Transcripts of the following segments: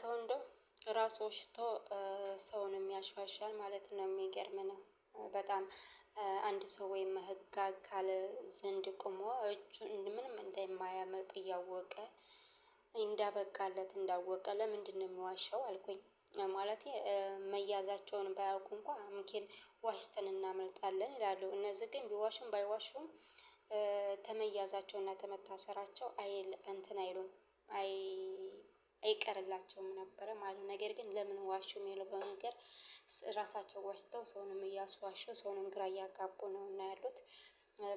ሰው እንደው ራሱ ወሽቶ ሰውን የሚያሻሻል ማለት ነው። የሚገርም ነው በጣም አንድ ሰው ወይም ህግ አካል ዘንድ ቁሞ እጁ ምንም እንደማያመልጥ እያወቀ እንዳበቃለት እንዳወቀ ለምንድን ነው የሚዋሻው አልኩኝ። ማለት መያዛቸውን ባያውቁ እንኳ ምኬን ዋሽተን እናመልጣለን ይላሉ። እነዚህ ግን ቢዋሹም ባይዋሹም ተመያዛቸውና ተመታሰራቸው አይ እንትን አይሉም አይ አይቀርላቸውም ነበረ ማለት ነው። ነገር ግን ለምን ዋሹ የሚለው ነገር ራሳቸው ዋሽተው ሰውንም እያስዋሹ ሰውንም ግራ እያጋቡ ነው እና ያሉት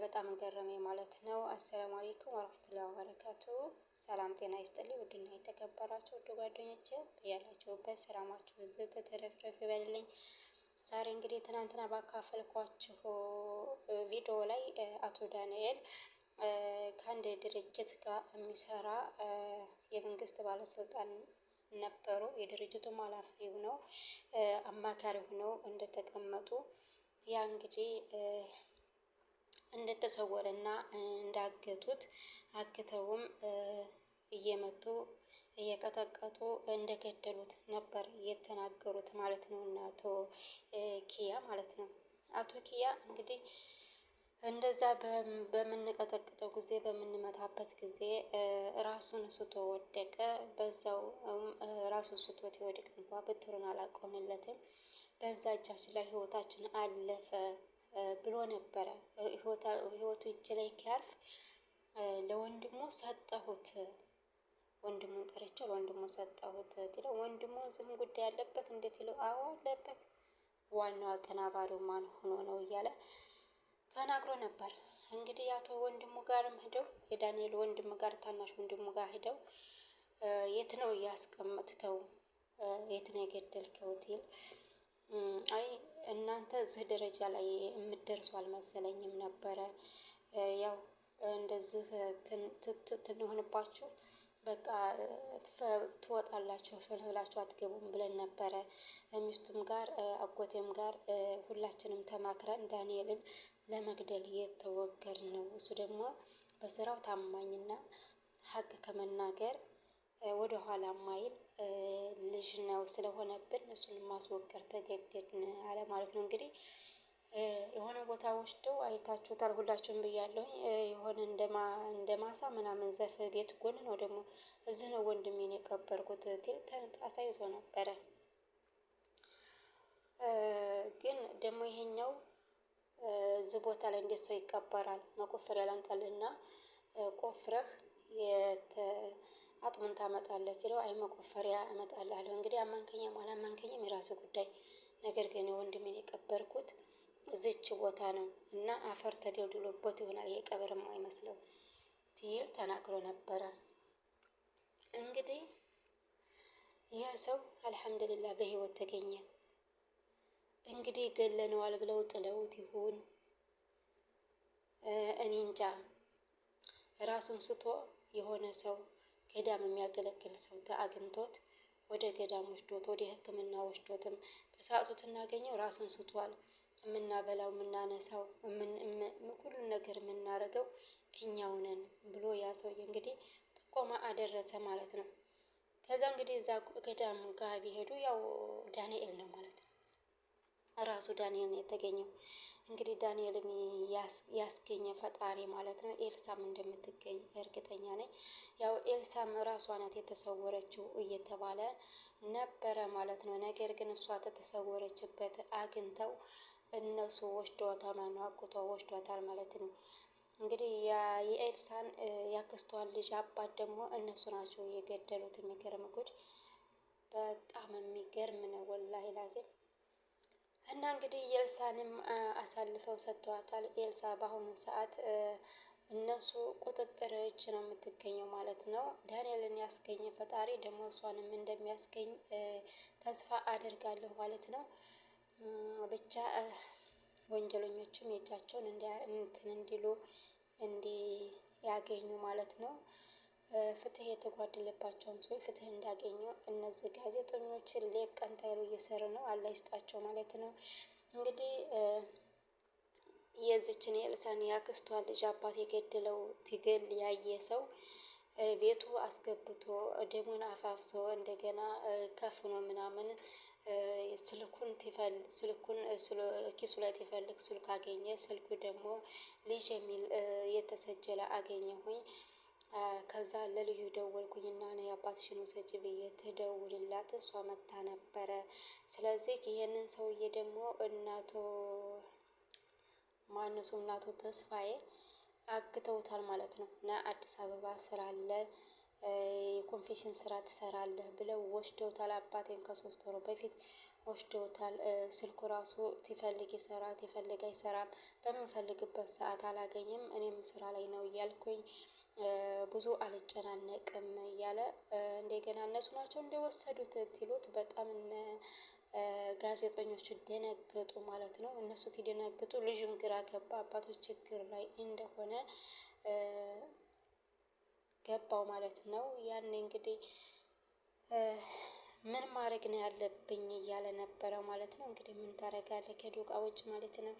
በጣም ገረሜ ማለት ነው። አሰላሙ አሌይኩም ወረሕመቱላሂ ወበረካቱ። ሰላም ጤና ይስጥልኝ ውድና የተከበራችሁ ውድ ጓደኞቼ ያላችሁበት ሰላማችሁ ብዙ ተተረፍረፍ ይበልልኝ። ዛሬ እንግዲህ ትናንትና ባካፈልኳችሁ ቪዲዮ ላይ አቶ ዳንኤል ከአንድ ድርጅት ጋር የሚሰራ የመንግስት ባለስልጣን ነበሩ። የድርጅቱ ኃላፊ ሆነው አማካሪ ሆነው እንደተቀመጡ ያ እንግዲህ እና እንዳገቱት አግተውም እየመቱ እየቀጠቀጡ እንደገደሉት ነበር የተናገሩት ማለት ነው። እና አቶ ኪያ ማለት ነው። አቶ ኪያ እንግዲህ እንደዛ በምንቀጠቅጠው ጊዜ በምንመታበት ጊዜ ራሱን ስቶ ወደቀ። በዛው ራሱን ስቶት ይወድቅ እንኳ ብትሩን አላቆምለትም። በዛ እጃችን ላይ ህይወታችን አለፈ ብሎ ነበረ። ህይወቱ እጅ ላይ ኪያርፍ ለወንድሞ ሰጠሁት፣ ወንድሙን ጠርቼ ለወንድሞ ሰጠሁት ትለው። ወንድሞ ዝም ጉዳይ አለበት እንዴት ይለው? አዎ አለበት፣ ዋናው አቀናባሪው ማን ሆኖ ነው እያለ ተናግሮ ነበር። እንግዲህ አቶ ወንድሙ ጋርም ሂደው የዳንኤል ወንድም ጋር ታናሽ ወንድሙ ጋር ሄደው የት ነው እያስቀመጥከው የት ነው የገደልከው ሲል አይ እናንተ እዚህ ደረጃ ላይ የምትደርሱ አልመሰለኝም ነበረ ያው እንደዚህ ትንሆንባችሁ በቃ ትወጣላችሁ ፍልፍላችሁ አትገቡም ብለን ነበረ። ሚስቱም ጋር አጎቴም ጋር ሁላችንም ተማክረን ዳንኤልን ለመግደል እየተወገር ነው። እሱ ደግሞ በስራው ታማኝና ሀቅ ከመናገር ወደ ኋላ ማይል ልጅ ነው ስለሆነብን እሱን ማስወገድ ተገደድን አለ ማለት ነው። እንግዲህ የሆነ ቦታ ወስደው አይታችሁታል፣ ሁላችሁም ብያለሁኝ። የሆነ እንደ ማሳ ምናምን ዘፍ ቤት ጎን ነው ደግሞ እዚህ ነው ወንድሜን የቀበርኩት ቲል አሳይቶ ነበረ ግን ደግሞ ይሄኛው እዚህ ቦታ ላይ እንዴት ሰው ይቀበራል? መቆፈሪያ ላምጣልህና ቆፍረህ አጥሙን ታመጣለህ ሲለው አይ መቆፈሪያ እመጣልሃለሁ። እንግዲህ አመንከኛም አላመንከኛም የራሱ ጉዳይ፣ ነገር ግን ወንድሜን የቀበርኩት እዚች ቦታ ነው እና አፈር ተደልድሎበት ይሆናል ይሄ ቀብር አይመስለው ሲል ተናግሮ ነበረ። እንግዲህ ይህ ሰው አልሐምዱሊላህ በህይወት ተገኘ። እንግዲህ ገለነዋል ብለው ጥለውት ይሁን እኔ እንጃ። ራሱን ስቶ የሆነ ሰው ገዳም የሚያገለግል ሰው አግኝቶት ወደ ገዳም ወስዶት ወደ ሕክምና ወስዶትም በሰዓቱ ትናገኘው ራሱን ስቷል። የምናበላው የምናነሳው፣ ሁሉን ነገር የምናደርገው እኛው ነን ብሎ ያ ሰውዬ እንግዲህ ጥቆማ አደረሰ ማለት ነው። ከዛ እንግዲህ እዛ ገዳም ጋር ቢሄዱ ያው ዳንኤል ነው ማለት ነው። ራሱ ዳንኤል ነው የተገኘው። እንግዲህ ዳንኤልን ያስገኘ ፈጣሪ ማለት ነው። ኤልሳም እንደምትገኝ እርግጠኛ ነኝ። ያው ኤልሳም ራሷ ናት የተሰወረችው እየተባለ ነበረ ማለት ነው። ነገር ግን እሷ ተተሰወረችበት አግኝተው እነሱ ወስዷታል ማለት ነው። አቁቷ ወስዷታል ማለት ነው። እንግዲህ የኤልሳን ያክስቷን ልጅ አባት ደግሞ እነሱ ናቸው የገደሉት። የሚገርም ጉድ! በጣም የሚገርም ነው ወላሂ ላዚም እና እንግዲህ የልሳንም አሳልፈው ሰጥተዋታል። ኤልሳ በአሁኑ ሰዓት እነሱ ቁጥጥር እጅ ነው የምትገኘው ማለት ነው። ዳንኤልን ያስገኘ ፈጣሪ ደግሞ እሷንም እንደሚያስገኝ ተስፋ አደርጋለሁ ማለት ነው። ብቻ ወንጀለኞችም የእጃቸውን እንትን እንዲሉ እንዲያገኙ ማለት ነው። ፍትህ የተጓደለባቸውን ሰዎች ፍትህ እንዳገኙ እነዚህ ጋዜጠኞች ሌት ቀን ሳይሉ እየሰሩ ነው። አላህ ይስጣቸው ማለት ነው። እንግዲህ የዚችን የልሳን ያክስቷ ልጅ አባት የገደለው ትግል ያየ ሰው ቤቱ አስገብቶ ደሙን አፋፍሶ እንደገና ከፍኖ ምናምን ስልኩን ትፈል ስልኩን ኪሱ ላይ ትፈልግ ስልክ አገኘ። ስልኩ ደግሞ ልጅ የሚል የተሰጀለ አገኘሁኝ። ከዛ ለልዩ ደወልኩኝና ነይ አባትሽን ውሰጂ ብዬ ትደውልላት እሷ መታ ነበረ። ስለዚህ ይህንን ሰውዬ ደግሞ እናቶ ማነሱ እናቶ ተስፋዬ አግተውታል ማለት ነው። እና አዲስ አበባ ስራ አለ የኮንፌሽን ስራ ትሰራለህ ብለው ወስደውታል። አባቴን ከሶስት ወሮ በፊት ወስደውታል። ስልኩ ራሱ ትፈልግ ይሰራል፣ ትፈልግ አይሰራም። በምንፈልግበት ሰዓት አላገኝም፣ እኔም ስራ ላይ ነው እያልኩኝ ብዙ አልጨናነቅም እያለ እንደገና እነሱ ናቸው እንደወሰዱት ትሉት በጣም እነ ጋዜጠኞች ደነገጡ ማለት ነው። እነሱ ሲደነግጡ ልጅም ግራ ገባ። አባቶች ችግር ላይ እንደሆነ ገባው ማለት ነው። ያኔ እንግዲህ ምን ማድረግ ነው ያለብኝ እያለ ነበረ ማለት ነው። እንግዲህ ምን ታደርጋለህ ከዶቃ ውጭ ማለት ነው።